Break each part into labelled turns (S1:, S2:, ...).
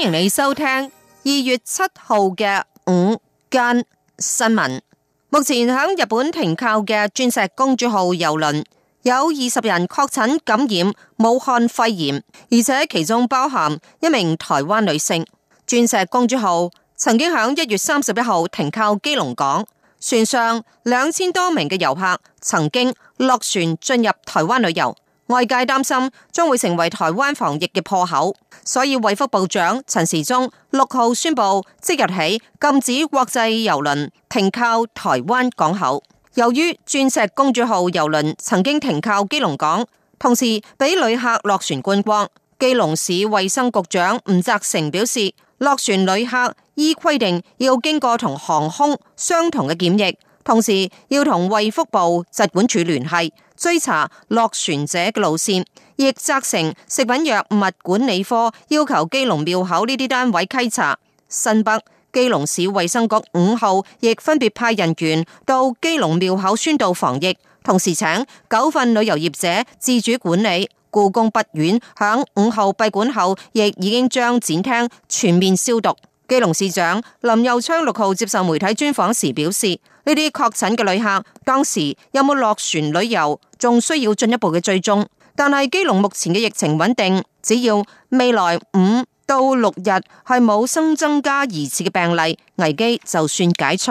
S1: 歡迎你收聽二月七號嘅午間新聞。目前響日本停靠嘅鑽石公主號郵輪有二十人確診感染武漢肺炎，而且其中包含一名台灣女性。鑽石公主號曾經響一月三十一號停靠基隆港，船上兩千多名嘅遊客曾經落船進入台灣旅遊。外界擔心將會成為台灣防疫嘅破口，所以衛福部長陳時中六號宣布，即日起禁止國際郵輪停靠台灣港口。由於鑽石公主號郵輪曾經停靠基隆港，同時俾旅客落船觀光，基隆市衛生局長吳澤成表示，落船旅客依規定要經過同航空相同嘅檢疫。同時要同衛福部疾管處聯繫追查落船者嘅路線，亦責成食品藥物管理科要求基隆廟口呢啲單位稽查。新北基隆市衛生局五號亦分別派人員到基隆廟口宣導防疫，同時請九份旅遊業者自主管理。故宮北院響五號閉館後，亦已經將展廳全面消毒。基隆市長林右昌六號接受媒體專訪時表示。呢啲確診嘅旅客當時有冇落船旅遊，仲需要進一步嘅追蹤。但係基隆目前嘅疫情穩定，只要未來五到六日係冇新增加疑似嘅病例，危機就算解除。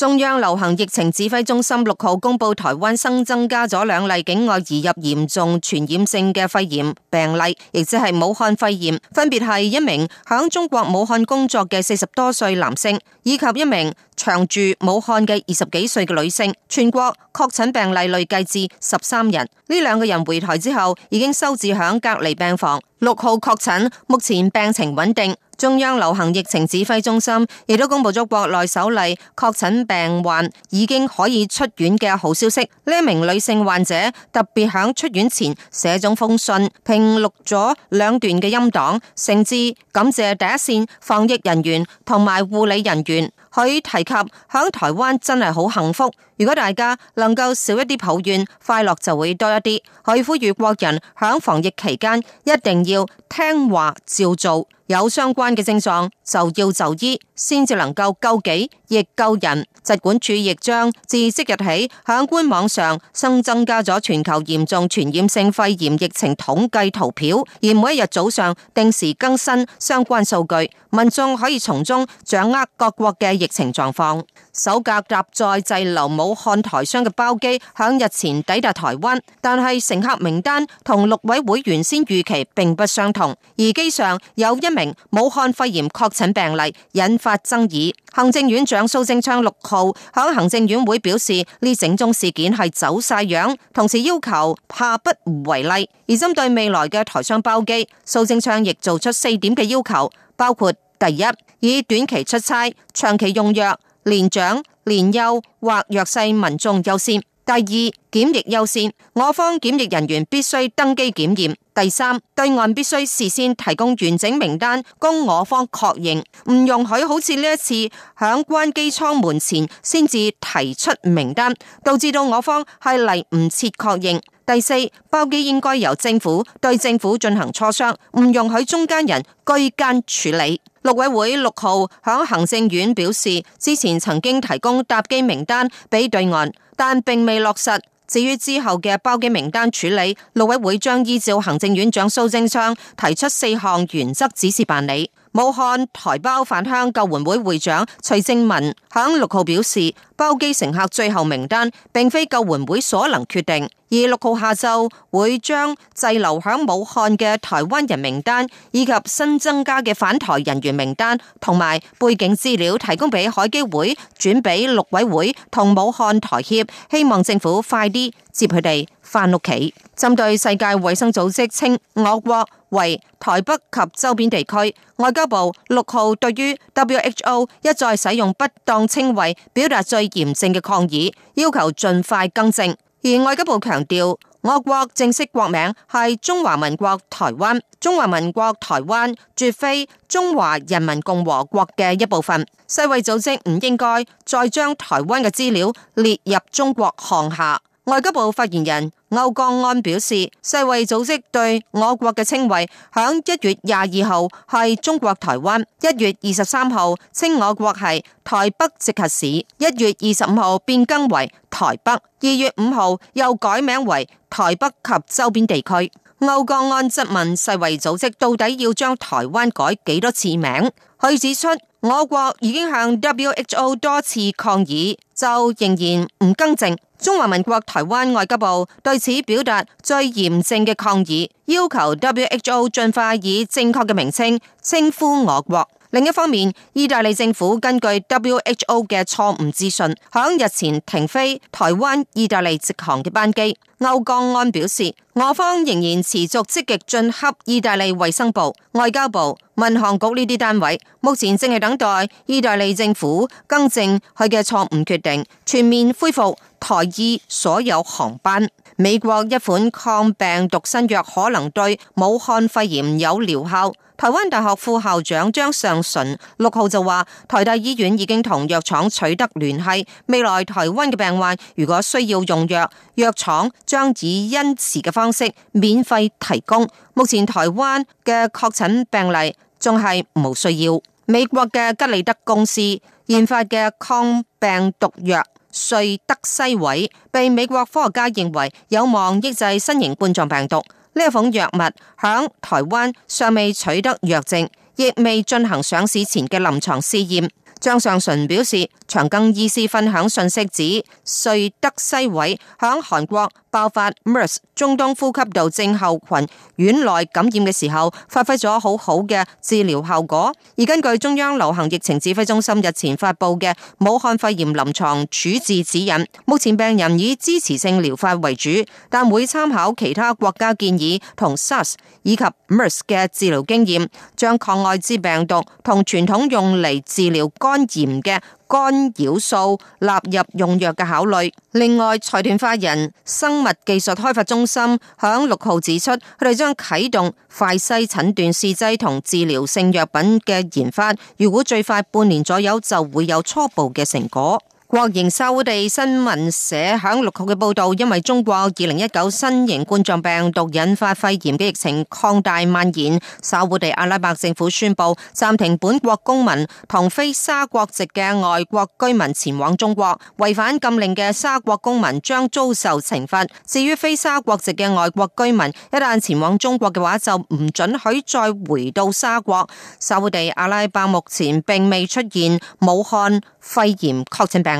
S1: 中央流行疫情指揮中心六號公布，台灣新增加咗兩例境外移入嚴重傳染性嘅肺炎病例，亦即係武漢肺炎，分別係一名響中國武漢工作嘅四十多歲男性，以及一名長住武漢嘅二十幾歲嘅女性。全國確診病例累計至十三人。呢兩個人回台之後，已經收治響隔離病房，六號確診，目前病情穩定。中央流行疫情指揮中心亦都公布咗國內首例確診病患已經可以出院嘅好消息。呢一名女性患者特別響出院前寫咗封信，並錄咗兩段嘅音檔，誠摯感謝第一線防疫人員同埋護理人員。佢提及響台灣真係好幸福，如果大家能夠少一啲抱怨，快樂就會多一啲。佢呼籲國人響防疫期間一定要聽話照做，有相關嘅症狀就要就醫，先至能夠救己。疫救人疾管署亦將自即日起響官網上新增加咗全球嚴重傳染性肺炎疫情統計圖表，而每一日早上定時更新相關數據，民眾可以從中掌握各國嘅疫情狀況。首架搭載滯留武漢台商嘅包機，響日前抵達台灣，但係乘客名單同陸委會原先預期並不相同，而機上有一名武漢肺炎確診病例，引發爭議。行政院長蘇貞昌六號響行政院會表示，呢整宗事件係走晒樣，同時要求下不為例。而針對未來嘅台商包機，蘇貞昌亦做出四點嘅要求，包括第一，以短期出差、長期用藥，年長、年幼或弱勢民眾優先。第二，檢疫優先。我方檢疫人員必須登機檢驗。第三，對岸必須事先提供完整名單供我方確認，唔容許好似呢一次響關機艙門前先至提出名單，導致到我方係嚟唔切確認。第四，包機應該由政府對政府進行磋商，唔容許中間人居間處理。陸委會六號，向行政院表示，之前曾經提供搭機名單俾對岸，但並未落實。至於之後嘅包機名單處理，陸委會將依照行政院長蘇貞昌提出四項原則指示辦理。武漢台胞返鄉救援會會長徐正文響六號表示，包機乘客最後名單並非救援會所能決定，而六號下晝會將滯留響武漢嘅台灣人名單以及新增加嘅返台人員名單同埋背景資料提供畀海基會轉畀陸委會同武漢台協，希望政府快啲接佢哋。翻屋企，針對世界衛生組織稱我國為台北及周邊地區，外交部六號對於 WHO 一再使用不當稱謂，表達最嚴正嘅抗議，要求盡快更正。而外交部強調，我國正式國名係中華民國台灣，中華民國台灣絕非中華人民共和國嘅一部分。世衛組織唔應該再將台灣嘅資料列入中國項下。外交部發言人歐江安表示，世衛組織對我國嘅稱謂響一月廿二號係中國台灣，一月二十三號稱我國係台北直轄市，一月二十五號變更為台北，二月五號又改名為台北及周邊地區。歐江安質問世衛組織到底要將台灣改幾多次名？佢指出，我國已經向 WHO 多次抗議，就仍然唔更正。中華民國台灣外交部對此表達最嚴正嘅抗議，要求 WHO 盡快以正確嘅名稱稱呼我國。另一方面，意大利政府根據 WHO 嘅錯誤資訊，響日前停飛台灣意大利直航嘅班機。歐江安表示，我方仍然持續積極進洽意大利衛生部、外交部、民航局呢啲單位，目前正係等待意大利政府更正佢嘅錯誤決定，全面恢復台意所有航班。美國一款抗病毒新藥可能對武漢肺炎有療效。台灣大學副校長張上淳六號就話，台大醫院已經同藥廠取得聯繫，未來台灣嘅病患如果需要用藥，藥廠將以恩慈嘅方式免費提供。目前台灣嘅確診病例仲係無需要。美國嘅吉利德公司研發嘅抗病毒藥瑞德西韋，被美國科學家認為有望抑制新型冠狀病毒。呢一款藥物響台灣尚未取得藥證，亦未進行上市前嘅臨床試驗。張上淳表示，長庚醫師分享信息指，瑞德西韋響韓國爆發 MERS 中東呼吸道症候群院內感染嘅時候，發揮咗好好嘅治療效果。而根據中央流行疫情指揮中心日前發布嘅武漢肺炎臨牀處置指引，目前病人以支持性療法為主，但會參考其他國家建議同 SARS 以及 MERS 嘅治療經驗，將抗艾滋病毒同傳統用嚟治療肝炎嘅干擾素納入用藥嘅考慮。另外，財團法人生物技術開發中心響六號指出，佢哋將啟動快篩診斷試劑同治療性藥品嘅研發，如果最快半年左右就會有初步嘅成果。國營沙烏地新聞社響六號嘅報道，因為中國二零一九新型冠狀病毒引發肺炎嘅疫情擴大蔓延，沙烏地阿拉伯政府宣布暫停本國公民同非沙國籍嘅外國居民前往中國。違反禁令嘅沙國公民將遭受懲罰。至於非沙國籍嘅外國居民，一旦前往中國嘅話，就唔准許再回到沙國。沙烏地阿拉伯目前並未出現武漢肺炎確診病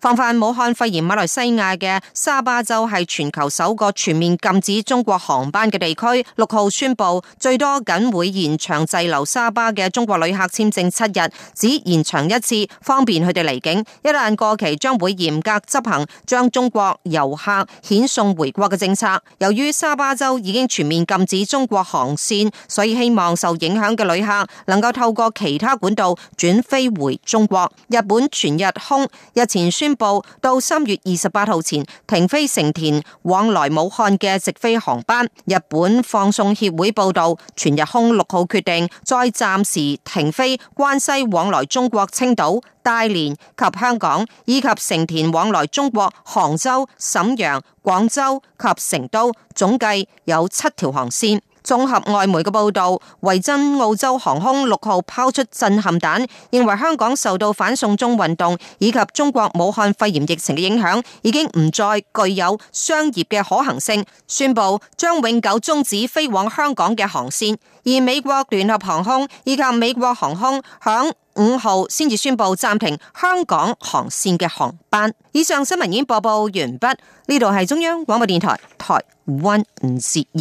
S1: 防範武漢肺炎，馬來西亞嘅沙巴州係全球首個全面禁止中國航班嘅地區。六號宣布，最多僅會延長滯留沙巴嘅中國旅客簽證七日，只延長一次，方便佢哋離境。一旦過期，將會嚴格執行將中國遊客遣送回國嘅政策。由於沙巴州已經全面禁止中國航線，所以希望受影響嘅旅客能夠透過其他管道轉飛回中國。日本全日空日前宣宣佈到三月二十八號前停飛成田往來武漢嘅直飛航班。日本放送協會報道，全日空六號決定再暫時停飛關西往來中國青島、大連及香港，以及成田往來中國杭州、瀋陽、廣州及成都，總計有七條航線。綜合外媒嘅報道，維珍澳洲航空六號拋出震撼彈，認為香港受到反送中運動以及中國武漢肺炎疫情嘅影響，已經唔再具有商業嘅可行性，宣布將永久中止飛往香港嘅航線。而美國聯合航空以及美國航空響五號先至宣布暫停香港航線嘅航班。以上新聞已經播報完畢，呢度係中央廣播電台台灣之音。